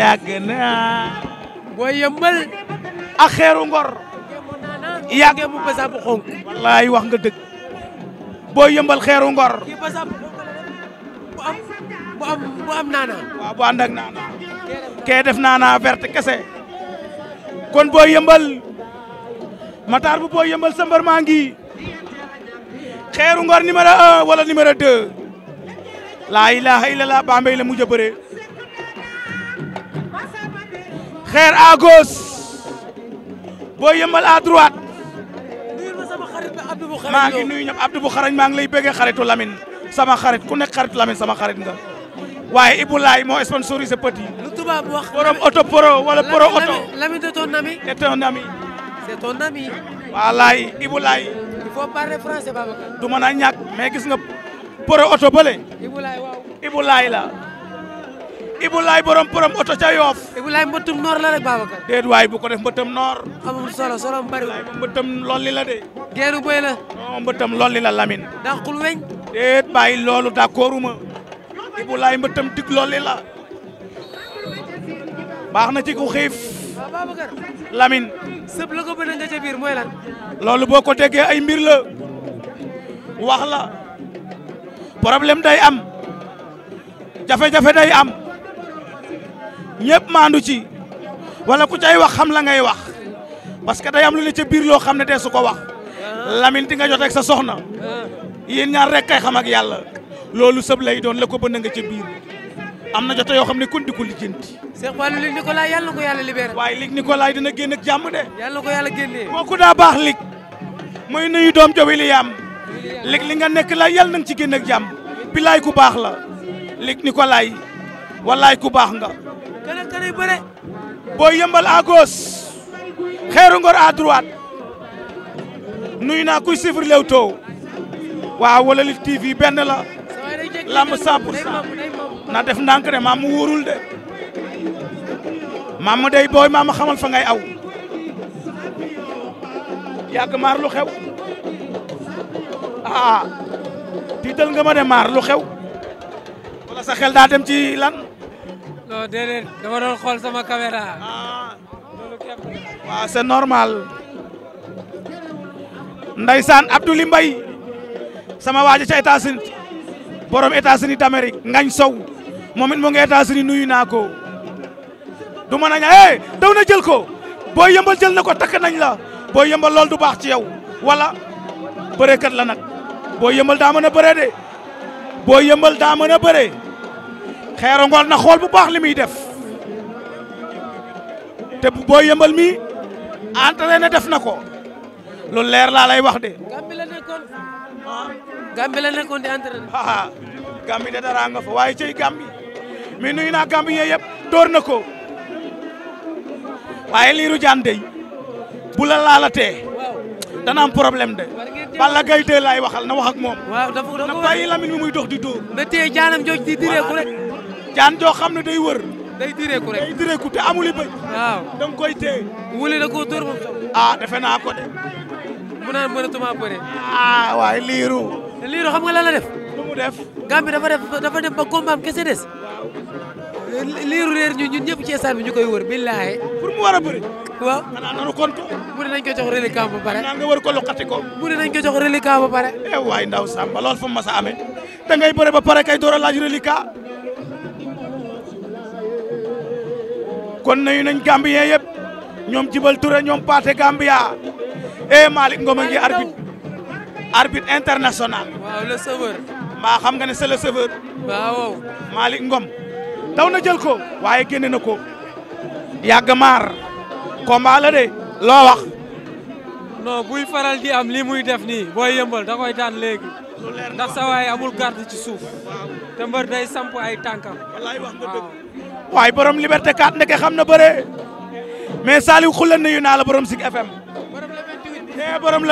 yàgg naa booy yëmbal ak xeeru ngor yàgg mu basaab bu xonk wallaay wax nga dëgg booy yëmbal xeeru ngor bu am naana waaw bu naana kee def naana verte kese kon booy yëmbal mataar bu booy yëmbal sa mbër ngi xeeru ngor numéro un wala numéro deux laa ilaha illallah Bambey la mujj a bëree xeer à gauche Boy Yeumbeul à droite. maa ngi nuyu lay bëggee xaritu Lamine sama xarit ku nekk xaritu Lamine sama xarit nga. waaye Ibou Laye moo sponsorisé petit. lu tubaab wax borom oto pro wala pro oto. Lamine de wallaay Ibou Laye. il faut parler mais gis nga pro oto bële. Ibou la. Ibulaay borom borom oto ca Yoof. Ibulaay mbëttum noor la rek Babacar. déet waay bu ko def mbëttam noor. amul solo solo de. geeru bëy la. non mbëttam lolli la Lamine. dàqul weñ. déet bàyyi loolu d'accorduma. Ibulaay mbëttam dig lolli la. baax na ci ku xiif. waaw Babacar. la ko bëna nga ca biir mooy lan. loolu boo ko déggee ay mbir la. wax la. problème day am. jafe-jafe day am. ñëpp maandu ci wala ku cay wax xam la ngay wax parce que day am lu ne ca biir loo xam ne dee su ko wax lamin di nga jot ak sa soxna yéen ñaar rek kay xam ak yàlla loolu sëb lay doon la ko bënn nga ca biir am na jote yoo xam ne kon di ko lijjanti. Cheikh Fallou Luc Nicolaï yàlla na ko yàlla waaye Luc Nicolaï dina génn ak jàmm de. yàlla na yàlla génnee. kooku daa baax Luc mooy nuyu doom ja William Luc li nga nekk la yàlla na nga ci génn ak jàmm bilaay ku baax la Luc Nicolaï wallaay ku baax nga. keneen kanay bëre booy yëmbal à xeeru ngor à droite naa kuy suivre Leewtoo waaw wala li benn la lamb 100 pour na def ndànk de maam mu wóorul de maam mu day booy maam xamal fa ngay aw yàgg maar lu xew ah tiital nga maar lu xew non déedéet dama doon xool sama caméra. Ah, waaw c'est normal. Ndeysaan Abdoulaye Mbaye sama waa ji ca États-Unis borom états ngañ sow moom it mu ngi états nuyu naa ko du mën a ña eh daw na jël ko booy yëmbal jël na ko takk nañ la boo yëmbal lool du baax ci yow wala bëreekat la nag boo yëmbal daa mën a bëree de booy yëmbal daa mën a Xeeru Ngor na xool bu baax li muy def te bu booy yëmbal mi entraîné def na ko lu leer laa lay wax de. Gàmbi la nekkoon Gàmbi la dara nga fa waaye cey Gàmbi mi nuyu naa Gàmbi yee yëpp door na ko waaye liiru jaan dey bu la laalatee dana am problème de. Balla gay 2 laay waxal na wax ak moom. waaw dafa dafa na bàyyi Lamine mi muy dox di dóor. ba tey jaanam jooju di direeku rek. jaan joo xam ne day wër. day direeku rek day direeku te amul i bëj. waaw da nga koy téye. wuli na koo dóor moom a ah, defe naa ko de. mu naan mënatuma bëre. ah waaye liiru. liiru xam nga lan la def. lu mu def. Gambie dafa def dafa dem ba combat am kese des. liiru réer ñu ñun ñëpp ci stade bi ñu koy wër billaahi pour mu war a bëri waaw xanaa mu ne nañ ko jox reliquat ba pare xanaa nga wër ko loqati ko mu nañ ko jox reliquat ba pare eh waay ndaw Samba loolu fu mu mas a ngay bëre ba pare kay door a laaj reliquat kon nañu nañ Gambien yëpp ñoom Jibal Touré ñoom Paate Gambia eh Malick Ngom a ngi arbitre arbitre mbaa xam nga ne c'est le sauveur. waaw daw na jël ko. waaye génne na ko. yàgg maar. combat la de. loo wax. non buy faral di am lii muy def nii booy yëmbal da koy daan léegi. ndax sa amul garde ci suuf. te mbër day samp ay tànkam. wallaay wax nga dëgg. waaye borom Liberté 4 xam na bëre. mais Saliou xulle nuyu naa la borom Zik FM. borom le 28 eh, borom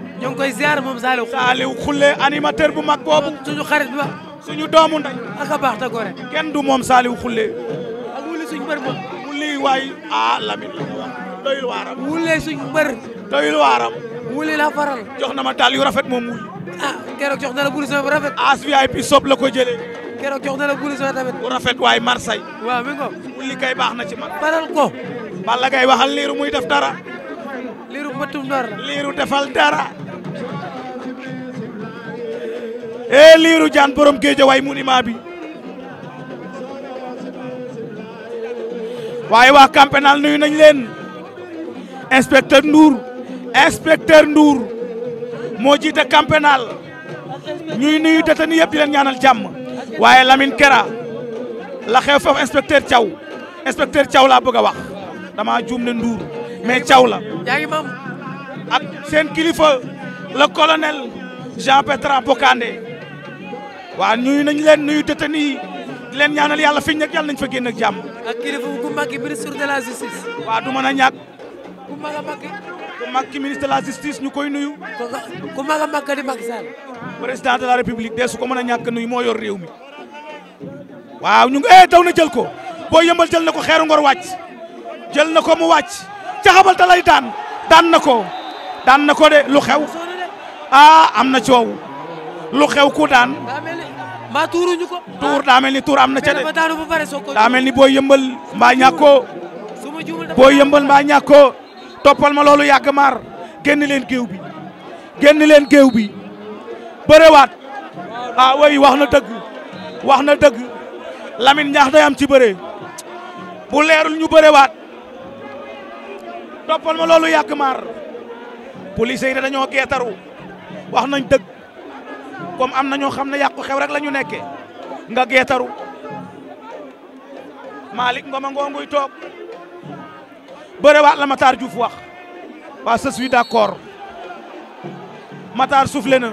le ñoo ngi koy ziar moom Saliou. Saliou Khoule animateur bu mag boobu. suñu xarit ba. suñu doomu ndey. ak a baax te gore. kenn du moom Saliou Khoule. ak wuli suñu mbër moom. wuli waay ah Lamine la ñu wax doyul waaram. wuli suñu mbër. doyul waaram. wuli la faral. jox na ma dàll yu rafet moom wuli. ah keroog jox na la blouson bu rafet. as VIP sob la ko jëlee. keroog jox na la blouson tamit. wu rafet waay Marseille. waaw mi ngi ko. kay baax na ci man. faral ko. Balla Gaye waxal liiru muy def dara. liiru bëtum dara. liiru e liiru jaan borom géejawaay monument bi waaye waa camp pénal nuyu nañ leen inspecteur nduur inspecteur nduur moo jiite camp pénal ñuy nuyu détenu yëpp di leen ñaanal jàmm waaye Lamine Kera la xew foofu inspecteur Thiaw inspecteur Thiaw laa bëgg a wax dama juum ne Ndour mais caw la ak seen kilifa la colonel Jean Bertrand Bocandé waaw nuyu nañ leen nuyu détenu yi di leen ñaanal yàlla fiñ nekk yàlla nañ fa génn ak jàmm. ak kilifa bu mag yi ministre de la justice. waaw du man a ñàkk. ku mag a mag ku ministre de la justice ñu koy nuyu. ku mag a mag di Macky Sall. de la république de su ko mën a ñàkk nuyu moo yor réew mi. waaw ñu ngi eh daw na jël ko boo yëmbal jël na ko xeeru ngor wàcc jël na ko mu wàcc caxabal ta lay daan daan na ko daan na ko de lu xew ah am na coow lu xew ku daan. mbaa tuuruñu ko. tuur daa mel ni tuur am na ca de. daa mel ni boo yëmbal mbaa ñàkkoo. boo yëmbal mbaa ñàkkoo. toppal ma loolu yàgg mar génn leen géew bi génn leen géew bi bërewaat ah way wax na dëgg wax na dëgg Lamine ñaax day am ci bëree bu leerul ñu bërewaat toppal ma loolu yàgg maar police yi dañoo geetaru wax nañ dëgg. comme am nañoo xam ne yàqu xew rek la ñu nekkee nga geetaru Malick Ngoma ngoonguy toog bëre waat la Matar Diouf wax waa je suis d'accord Matar soufflé na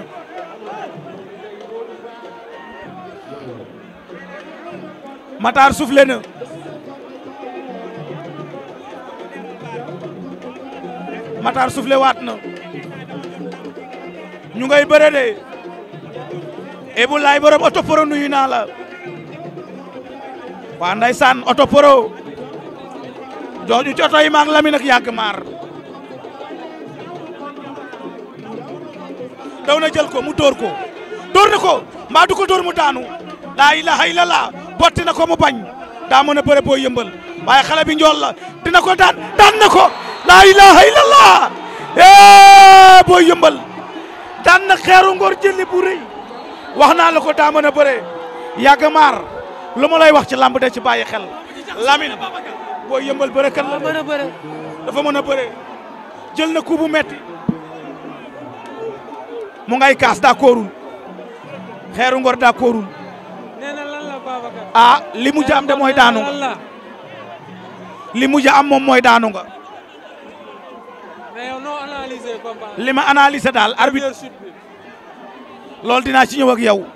Matar soufflé na waat na ñu ngay bëre Ebou Laye borom oto poro nuyu naa la waa ndeysaan oto poro jooju ci oto yi maak Lamine ak yàgg maar daw na jël ko mu dóor ko dóor na ko mbaa ko dóor mu daanu laa ilaha illallah botti na ko mu bañ daa mën bëre boo yëmbal waaye xale bi njool la dina ko daan daan na ko laa ilaha illallah boo yëmbal daan na xeeru ngor jëli bu rëy wax naa la ko daa mën a bëree yàgg maar lu ma lay wax ci làmb de ci bàyyi xel Lamine boo yëmbal bëre kan la mën a bëre jël na coup bu metti mu ngay kaas daa koorul xeeru daa koorul nee ah, li mujj am de mooy daanu nga li mujj am moom mooy daanu nga mais yow noo analysé combat li ma analysé daal arbitre loolu dinaa ci ñëw ak yow